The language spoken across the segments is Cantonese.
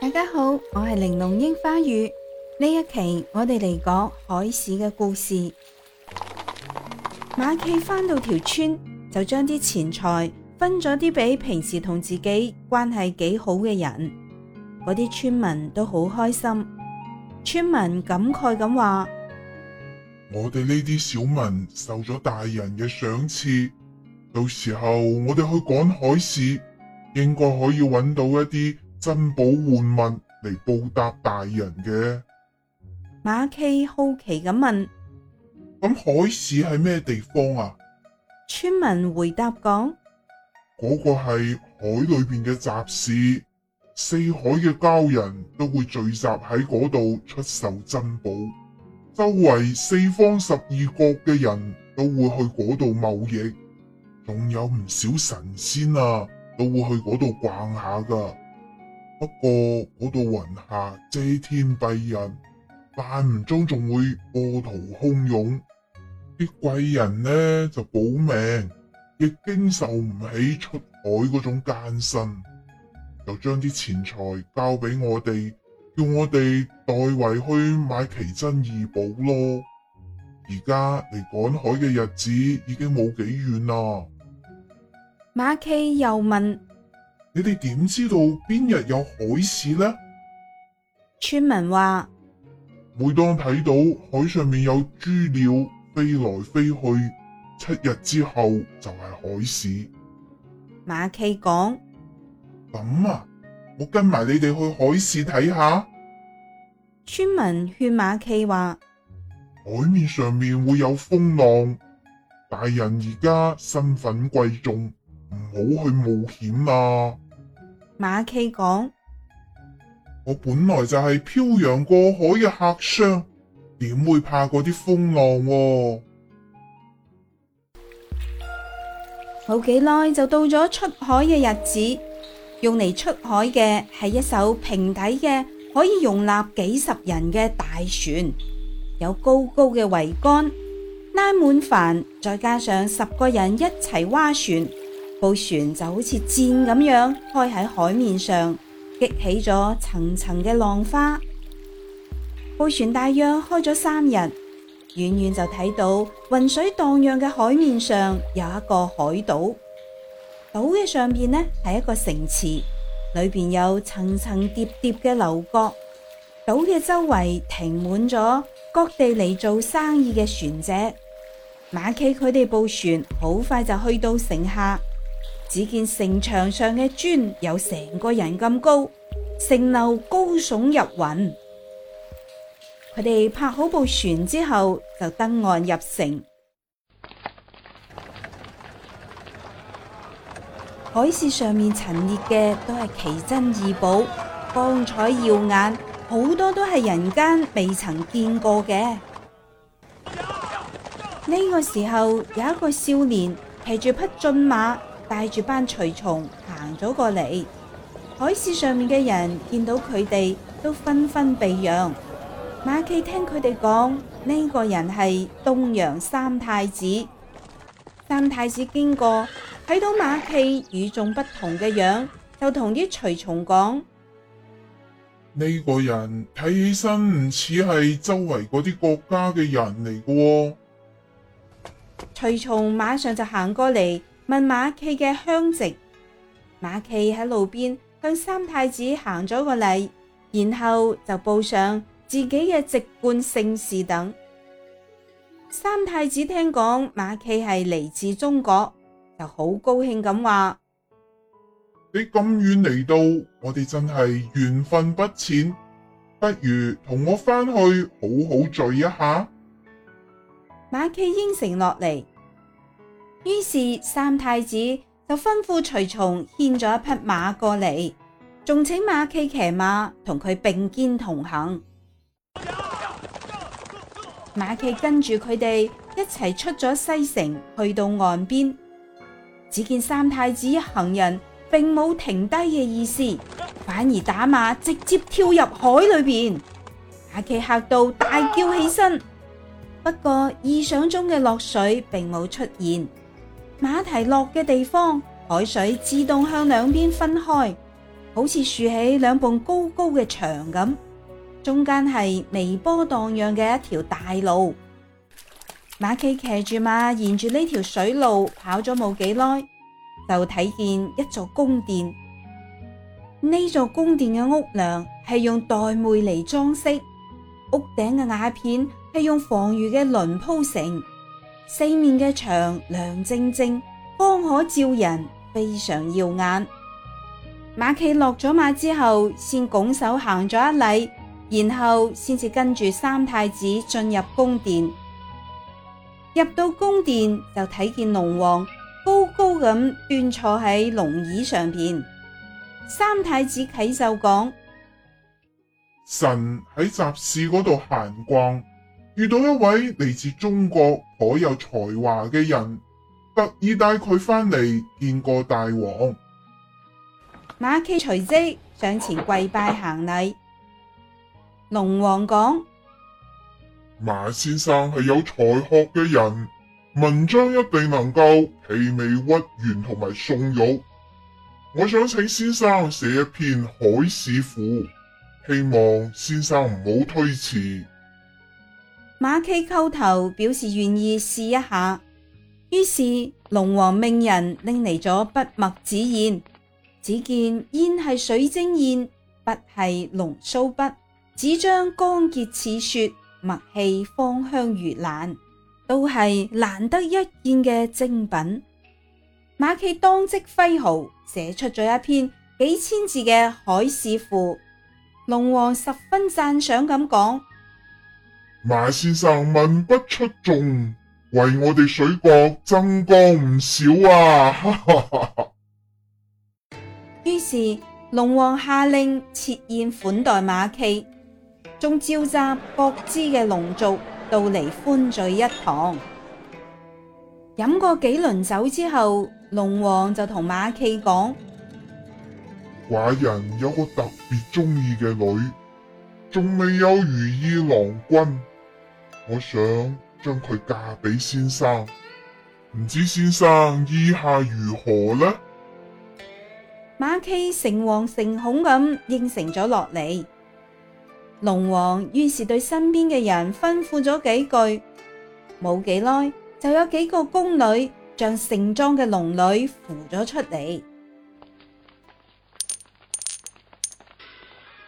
大家好，我係玲瓏櫻花雨。呢一期我哋嚟講海市嘅故事。馬驥返到條村，就將啲錢財分咗啲俾平時同自己關係幾好嘅人。嗰啲村民都好開心。村民感慨咁話：我哋呢啲小民受咗大人嘅賞賜，到時候我哋去趕海市，應該可以揾到一啲。珍寶換物嚟報答大人嘅。馬契好奇咁問：咁海市係咩地方啊？村民回答講：嗰個係海裏面嘅集市，四海嘅鲛人都會聚集喺嗰度出售珍寶，周圍四方十二國嘅人都會去嗰度貿易，仲有唔少神仙啊都會去嗰度逛下噶。不過嗰度雲下遮天蔽日，萬唔中仲會波濤洶湧，啲貴人呢就保命，亦經受唔起出海嗰種艱辛，就將啲錢財交俾我哋，叫我哋代為去買奇珍異寶咯。而家嚟趕海嘅日子已經冇幾遠啦。馬驥又問。你哋點知道邊日有海市呢？村民話：每當睇到海上面有豬鳥飛來飛去，七日之後就係海市。馬驥講：咁、嗯、啊，我跟埋你哋去海市睇下。村民勸馬驥話：海面上面會有風浪，大人而家身份貴重。唔好去冒險啊！馬企講：我本來就係漂洋過海嘅客商，點會怕嗰啲風浪啊？冇幾耐就到咗出海嘅日子，用嚟出海嘅係一艘平底嘅可以容納幾十人嘅大船，有高高嘅桅杆，拉滿帆，再加上十個人一齊劃船。部船就好似箭咁樣開喺海面上，激起咗層層嘅浪花。部船大約開咗三日，遠遠就睇到雲水蕩漾嘅海面上有一個海島。島嘅上邊呢係一個城池，裏邊有層層疊疊嘅樓閣。島嘅周圍停滿咗各地嚟做生意嘅船隻。馬驥佢哋部船好快就去到城下。只見城牆上嘅磚有成個人咁高，城樓高聳入雲。佢哋泊好部船之後，就登岸入城。 海市上面陳列嘅都係奇珍異寶，光彩耀眼，好多都係人間未曾見過嘅。呢 個時候，有一個少年騎住匹駿馬。帶住班隨從行咗過嚟，海市上面嘅人見到佢哋都紛紛避讓。馬 k i 聽佢哋講呢個人係東陽三太子，三太子經過睇到馬 kie 與眾不同嘅樣，就同啲隨從講：呢個人睇起身唔似係周圍嗰啲國家嘅人嚟嘅。隨從馬上就行過嚟。問馬驥嘅鄉籍，馬驥喺路邊向三太子行咗個禮，然後就報上自己嘅籍貫姓氏等。三太子聽講馬驥係嚟自中國，就好高興咁話：你咁遠嚟到，我哋真係緣分不淺，不如同我翻去好好聚一下。馬驥應承落嚟。於是三太子就吩咐隨從牽咗一匹馬過嚟，仲請馬驥騎馬同佢並肩同行。馬驥跟住佢哋一齊出咗西城，去到岸邊，只見三太子一行人並冇停低嘅意思，反而打馬直接跳入海裏邊。馬驥嚇到大叫起身，不過意想中嘅落水並冇出現。馬蹄落嘅地方，海水自動向兩邊分開，好似豎起兩棟高高嘅牆咁，中間係微波蕩漾嘅一條大路。馬驥騎住馬，沿住呢條水路跑咗冇幾耐，就睇見一座宮殿。呢座宮殿嘅屋樑係用玳瑁嚟裝飾，屋頂嘅瓦片係用魴魚嘅鱗鋪成。四面嘅牆亮晶晶，方可照人，非常耀眼。馬啟落咗馬之後，先拱手行咗一禮，然後先至跟住三太子進入宮殿。入到宮殿就睇見龍王高高咁端坐喺龍椅上邊。三太子啟奏講：神喺集市嗰度閒逛。遇到一位嚟自中國頗有才華嘅人，特意帶佢翻嚟見過大王。馬 k i 隨即上前跪拜行禮。龍王講：馬先生係有才學嘅人，文章一定能夠氣美屈原同埋宋玉。我想請先生寫一篇海市賦，希望先生唔好推辭。馬驥叩頭表示願意試一下，於是龍王命人拎嚟咗筆墨紙硯，只見硯係水晶硯，筆係龍鬚筆，紙張光潔似雪，墨氣芳香如蘭，都係難得一見嘅精品。馬驥當即揮毫寫出咗一篇幾千字嘅海市賦。龍王十分讚賞咁講。馬先生文筆出眾，為我哋水國爭光唔少啊！於 是龍王下令設宴款待馬驥，仲召集各支嘅龍族到嚟歡聚一堂。飲過幾輪酒之後，龍王就同馬驥講：寡人有個特別中意嘅女，仲未有如意郎君。我想將佢嫁俾先生，唔知先生意下如何呢？馬驥誠惶誠恐咁應承咗落嚟。龍王於是對身邊嘅人吩咐咗幾句，冇幾耐就有幾個宮女將盛裝嘅龍女扶咗出嚟。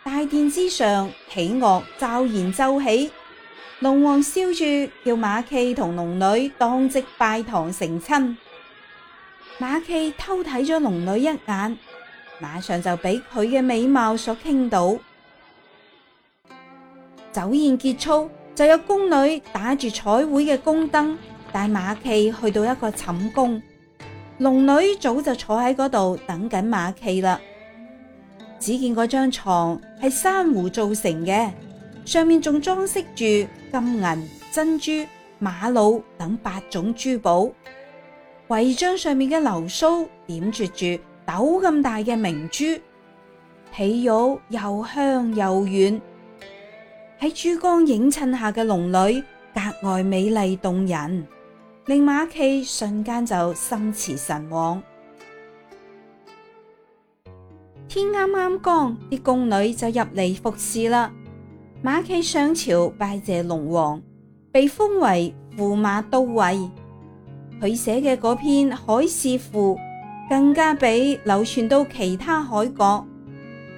大殿之上，喜樂驟然奏起。龍王笑住，叫馬驥同龍女當即拜堂成親。馬驥偷睇咗龍女一眼，馬上就俾佢嘅美貌所傾倒。酒宴結束，就有宮女打住彩會嘅宮燈，帶馬驥去到一個寢宮。龍女早就坐喺嗰度等緊馬驥啦。只見嗰張床係珊瑚做成嘅。上面仲裝飾住金銀珍珠瑪瑙等八種珠寶，圍章上面嘅流蘇點綴住豆咁大嘅明珠，喜褥又香又軟，喺珠光映襯下嘅龍女格外美麗動人，令馬驥瞬間就心馳神往。天啱啱光，啲宮女就入嚟服侍啦。馬驥上朝拜謝龍王，被封為駙馬都尉。佢寫嘅嗰篇《海市賦》更加俾流傳到其他海國。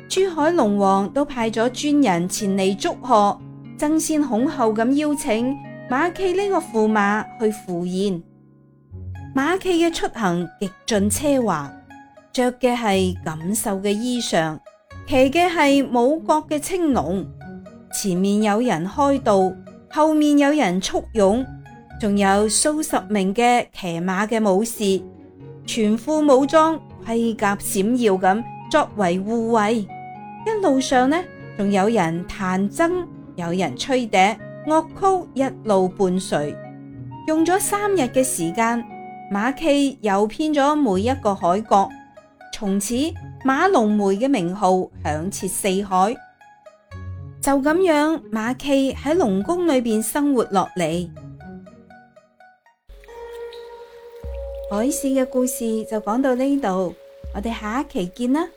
珠海龍王都派咗專人前嚟祝賀，爭先恐後咁邀請馬驥呢個駙馬去赴宴。馬驥嘅出行極盡奢華，着嘅係錦繡嘅衣裳，騎嘅係武國嘅青龍。前面有人開道，後面有人簇擁，仲有數十名嘅騎馬嘅武士，全副武裝，盔甲閃耀咁作為護衛。一路上呢，仲有人彈箏，有人吹笛，樂曲一路伴隨。用咗三日嘅時間，馬騎又遍咗每一個海角。從此，馬龍梅嘅名號響徹四海。就咁樣，馬驥喺龍宮裏邊生活落嚟。海市嘅故事就講到呢度，我哋下一期見啦。